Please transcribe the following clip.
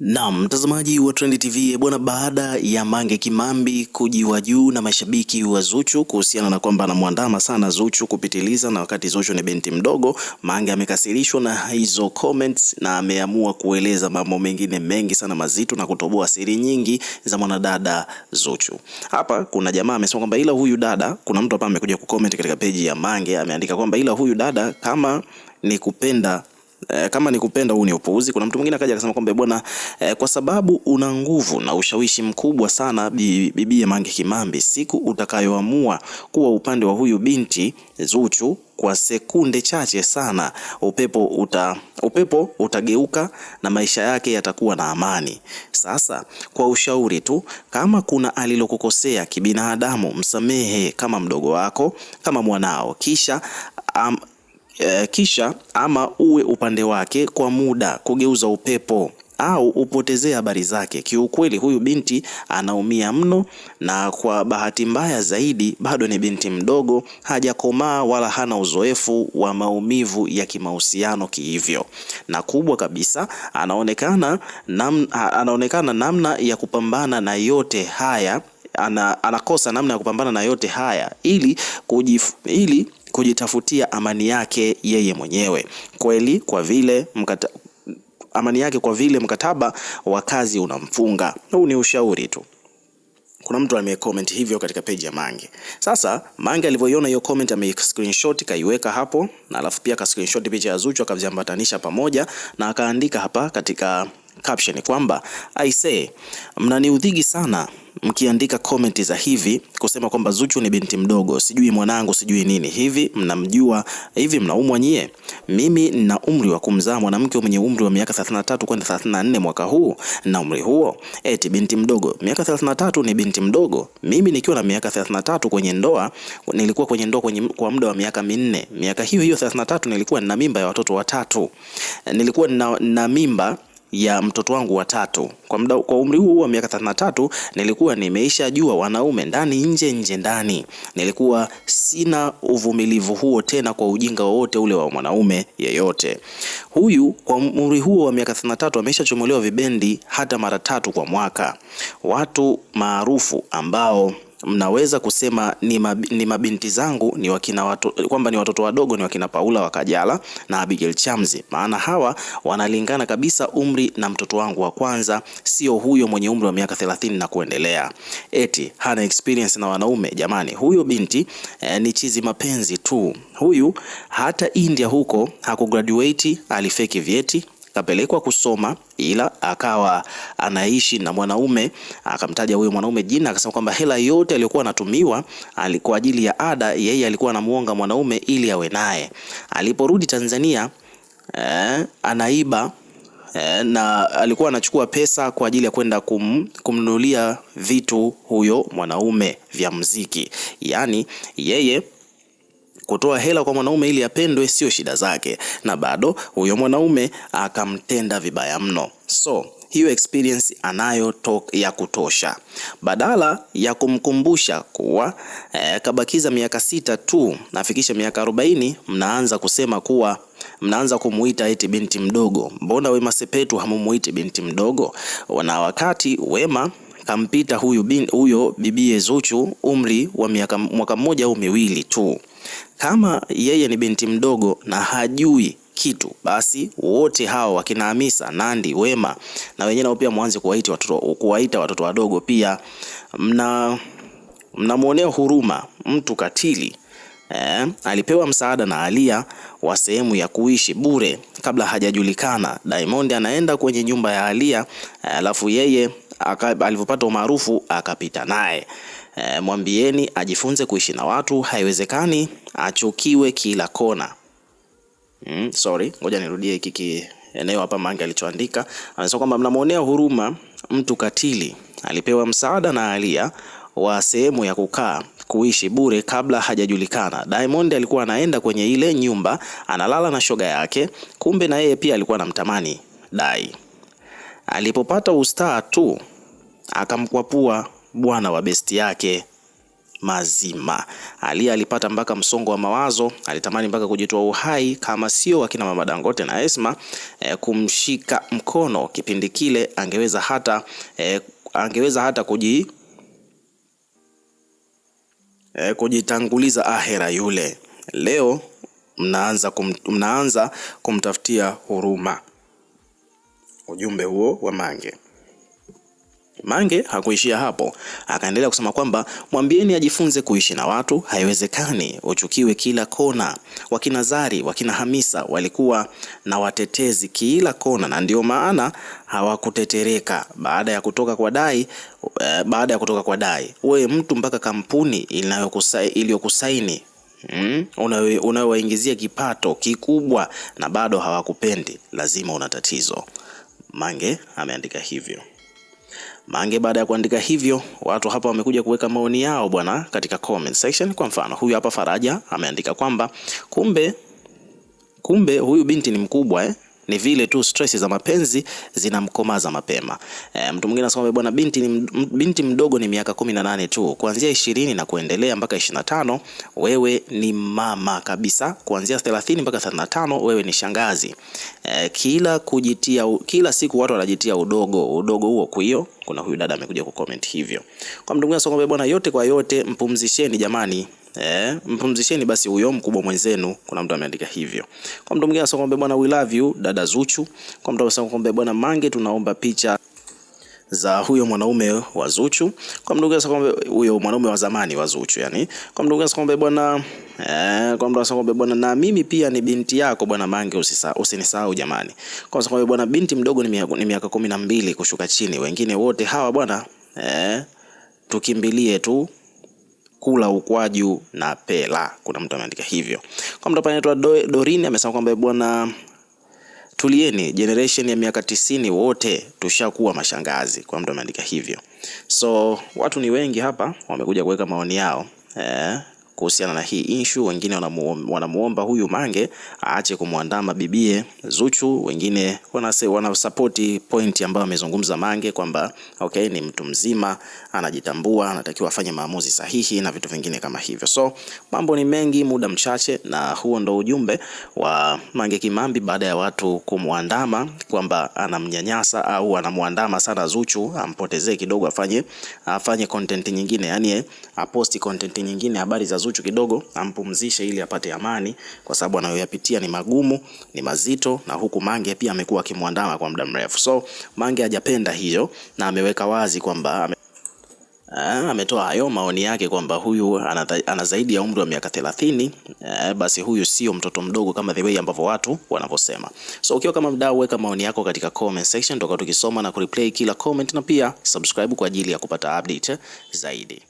Na mtazamaji wa Trend TV bwana, baada ya Mange Kimambi kujiwa juu na mashabiki wa Zuchu kuhusiana na kwamba anamwandama sana Zuchu kupitiliza, na wakati Zuchu ni binti mdogo, Mange amekasirishwa na hizo comments na ameamua kueleza mambo mengine mengi sana mazito na kutoboa siri nyingi za mwanadada Zuchu. Hapa kuna jamaa amesema kwamba ila huyu dada, kuna mtu hapa amekuja kucomment katika peji ya Mange ameandika kwamba ila huyu dada kama ni kupenda eh, kama ni kupenda, huu ni upuuzi. Kuna mtu mwingine akaja akasema kwamba bwana eh, kwa sababu una nguvu na ushawishi mkubwa sana bibi Mange Kimambi, siku utakayoamua kuwa upande wa huyu binti Zuchu kwa sekunde chache sana upepo uta, upepo utageuka na maisha yake yatakuwa na amani. Sasa kwa ushauri tu, kama kuna alilokukosea kibinadamu, msamehe kama mdogo wako, kama mwanao, kisha Eh, kisha ama uwe upande wake kwa muda kugeuza upepo au upotezee habari zake. Kiukweli huyu binti anaumia mno, na kwa bahati mbaya zaidi bado ni binti mdogo, hajakomaa wala hana uzoefu wa maumivu ya kimahusiano kihivyo, na kubwa kabisa anaonekana, nam, anaonekana namna ya kupambana na yote haya ana, anakosa namna ya kupambana na yote haya ili kujif, ili kujitafutia amani yake yeye mwenyewe. Kweli kwa vile mkata, amani yake kwa vile mkataba wa kazi unamfunga. Huu ni ushauri tu. Kuna mtu amecomment hivyo katika page ya Mange. Sasa Mange alivyoiona hiyo comment screenshot kaiweka hapo na alafu pia ka screenshot picha ya Zuchu akaziambatanisha pamoja na akaandika hapa katika caption kwamba I say mnaniudhigi sana mkiandika komenti za hivi kusema kwamba Zuchu ni binti mdogo, sijui mwanangu, sijui nini. Hivi mnamjua? Hivi mnaumwa nyie? Mimi nina umri wa kumzaa mwanamke mwenye umri wa miaka 33 kwenda 34 mwaka huu, na umri huo eti binti mdogo. Miaka 33 ni binti mdogo. Mimi nikiwa na miaka 33 kwenye ndoa, nilikuwa kwenye ndoa kwenye, kwa muda wa miaka minne. Miaka hiyo hiyo 33 nilikuwa nina mimba ya watoto watatu, nilikuwa na, na mimba ya mtoto wangu wa tatu. Kwa muda, kwa umri huu wa miaka 33 nilikuwa nimeisha jua wanaume ndani nje, nje ndani. Nilikuwa sina uvumilivu huo tena kwa ujinga wowote ule wa mwanaume yeyote. Huyu kwa umri huo wa miaka 33 ameishachomolewa vibendi hata mara tatu kwa mwaka, watu maarufu ambao mnaweza kusema ni, mab, ni mabinti zangu ni wakina watu, kwamba ni watoto wadogo ni wakina Paula Wakajala na Abigail Chamzi, maana hawa wanalingana kabisa umri na mtoto wangu wa kwanza, sio huyo mwenye umri wa miaka 30 na kuendelea, eti hana experience na wanaume. Jamani, huyo binti eh, ni chizi mapenzi tu. Huyu hata India huko hakugraduate, alifeki vyeti kapelekwa kusoma, ila akawa anaishi na mwanaume, akamtaja huyo mwanaume jina, akasema kwamba hela yote aliyokuwa anatumiwa kwa ajili ya ada, yeye alikuwa anamuonga mwanaume ili awe naye. Aliporudi Tanzania eh, anaiba eh, na alikuwa anachukua pesa kwa ajili ya kwenda kum, kumnunulia vitu huyo mwanaume vya mziki, yaani yeye Kutoa hela kwa mwanaume ili apendwe sio shida zake, na bado huyo mwanaume akamtenda vibaya mno. So hiyo experience anayo ya kutosha, badala ya kumkumbusha kuwa eh, kabakiza miaka sita tu nafikisha miaka arobaini, mnaanza kusema kuwa mnaanza kumuita eti binti mdogo. Mbona Wema Sepetu hamumuiti binti mdogo? na wakati Wema kampita huyu bin, huyo bibie Zuchu umri wa miaka mwaka mmoja au miwili tu. Kama yeye ni binti mdogo na hajui kitu, basi wote hao wakina Hamisa, Nandi, Wema na wengine nao pia mwanze kuwaita watoto, kuwaita watoto wadogo pia. Mna mnamwonea huruma mtu katili eh, alipewa msaada na Alia wa sehemu ya kuishi bure kabla hajajulikana. Diamond anaenda kwenye nyumba ya Alia eh, alafu eh, yeye alivyopata umaarufu akapita naye. E, mwambieni ajifunze kuishi na watu, haiwezekani achukiwe kila kona. Mm, sorry, ngoja nirudie hiki eneo hapa Mange alichoandika. Anasema kwamba mnamwonea huruma mtu katili alipewa msaada na Alia wa sehemu ya kukaa kuishi bure kabla hajajulikana. Diamond alikuwa anaenda kwenye ile nyumba analala na shoga yake, kumbe na yeye pia alikuwa anamtamani Dai. Alipopata ustaa tu akamkwapua bwana wa besti yake mazima. Aaliyah alipata mpaka msongo wa mawazo, alitamani mpaka kujitoa uhai kama sio wakina mama Dangote na Esma eh, kumshika mkono kipindi kile, angeweza hata eh, angeweza hata kuji eh, kujitanguliza ahera yule. Leo mnaanza, kum, mnaanza kumtafutia huruma. Ujumbe huo wa Mange. Mange hakuishia hapo, akaendelea kusema kwamba mwambieni ajifunze kuishi na watu, haiwezekani uchukiwe kila kona. Wakina Zari, wakina Hamisa walikuwa na watetezi kila kona, na ndio maana hawakutetereka baada ya kutoka kwa dai. Eh, baada ya kutoka kwa dai, wewe mtu mpaka kampuni iliyokusaini mm, unayowaingizia kipato kikubwa na bado hawakupendi, lazima una tatizo. Mange ameandika hivyo. Mange baada ya kuandika hivyo, watu hapa wamekuja kuweka maoni yao bwana katika comment section. Kwa mfano huyu hapa Faraja ameandika kwamba kumbe kumbe huyu binti ni mkubwa eh ni vile tu stress za mapenzi zinamkomaza mapema. E, mtu mwingine anasema bwana, binti, binti mdogo ni miaka kumi na nane tu, kuanzia ishirini na kuendelea mpaka ishirini na tano wewe ni mama kabisa, kuanzia thelathini mpaka thelathini na tano wewe ni shangazi. E, kila kujitia, kila siku watu wanajitia udogo udogo huo kuio. Kuna huyu dada amekuja kucomment hivyo kwa mtu mwingine anasema bwana, yote kwa yote mpumzisheni jamani. Eh, mpumzisheni basi huyo mkubwa mwenzenu. Kuna mtu ameandika hivyo. Kwa mtu mwingine anasema bwana, we love you dada Zuchu. Kwa mtu anasema kwamba bwana Mange, tunaomba picha za huyo mwanaume wa Zuchu. Kwa mtu mwingine anasema huyo mwanaume wa zamani wa Zuchu yani. Kwa mtu mwingine anasema bwana eh, kwa mtu anasema bwana, na mimi pia ni binti yako bwana Mange, usisahau usinisahau jamani. Kwa mtu kwamba bwana, binti mdogo ni miaka kumi na mbili kushuka chini, wengine wote hawa bwana eh, tukimbilie tu kula ukwaju na pela. Kuna mtu ameandika hivyo. Kwa mtu anaitwa Dorini amesema kwamba bwana tulieni, generation ya miaka tisini wote tushakuwa mashangazi. Kwa mtu ameandika hivyo. So watu ni wengi hapa wamekuja kuweka maoni yao eh kuhusiana na hii issue. Wengine wanamuomba huyu Mange aache kumwandama bibie Zuchu, wengine wanasapoti point ambayo amezungumza Mange kwamba okay, ni mtu mzima anajitambua, anatakiwa afanye maamuzi sahihi na vitu vingine kama hivyo. So mambo ni mengi, muda mchache, na huo ndo ujumbe wa Mange Kimambi baada ya watu kumwandama kwamba anamnyanyasa au anamwandama sana Zuchu, ampotezee kidogo, afanye afanye content nyingine, yani aposti content nyingine habari za Zuchu. Zuchu kidogo ampumzishe ili apate amani, kwa sababu anayoyapitia ni magumu, ni mazito, na huku Mange pia amekuwa akimwandama kwa muda mrefu. So Mange hajapenda hiyo na ameweka wazi kwamba ame... Ah, ametoa hayo maoni yake kwamba huyu ana zaidi ya umri wa miaka thelathini. Eh, basi huyu sio mtoto mdogo kama the way ambavyo watu wanavyosema. So ukiwa kama mdau, weka maoni yako katika comment section, toka tukisoma na kureplay kila comment, na pia subscribe kwa ajili ya kupata update zaidi.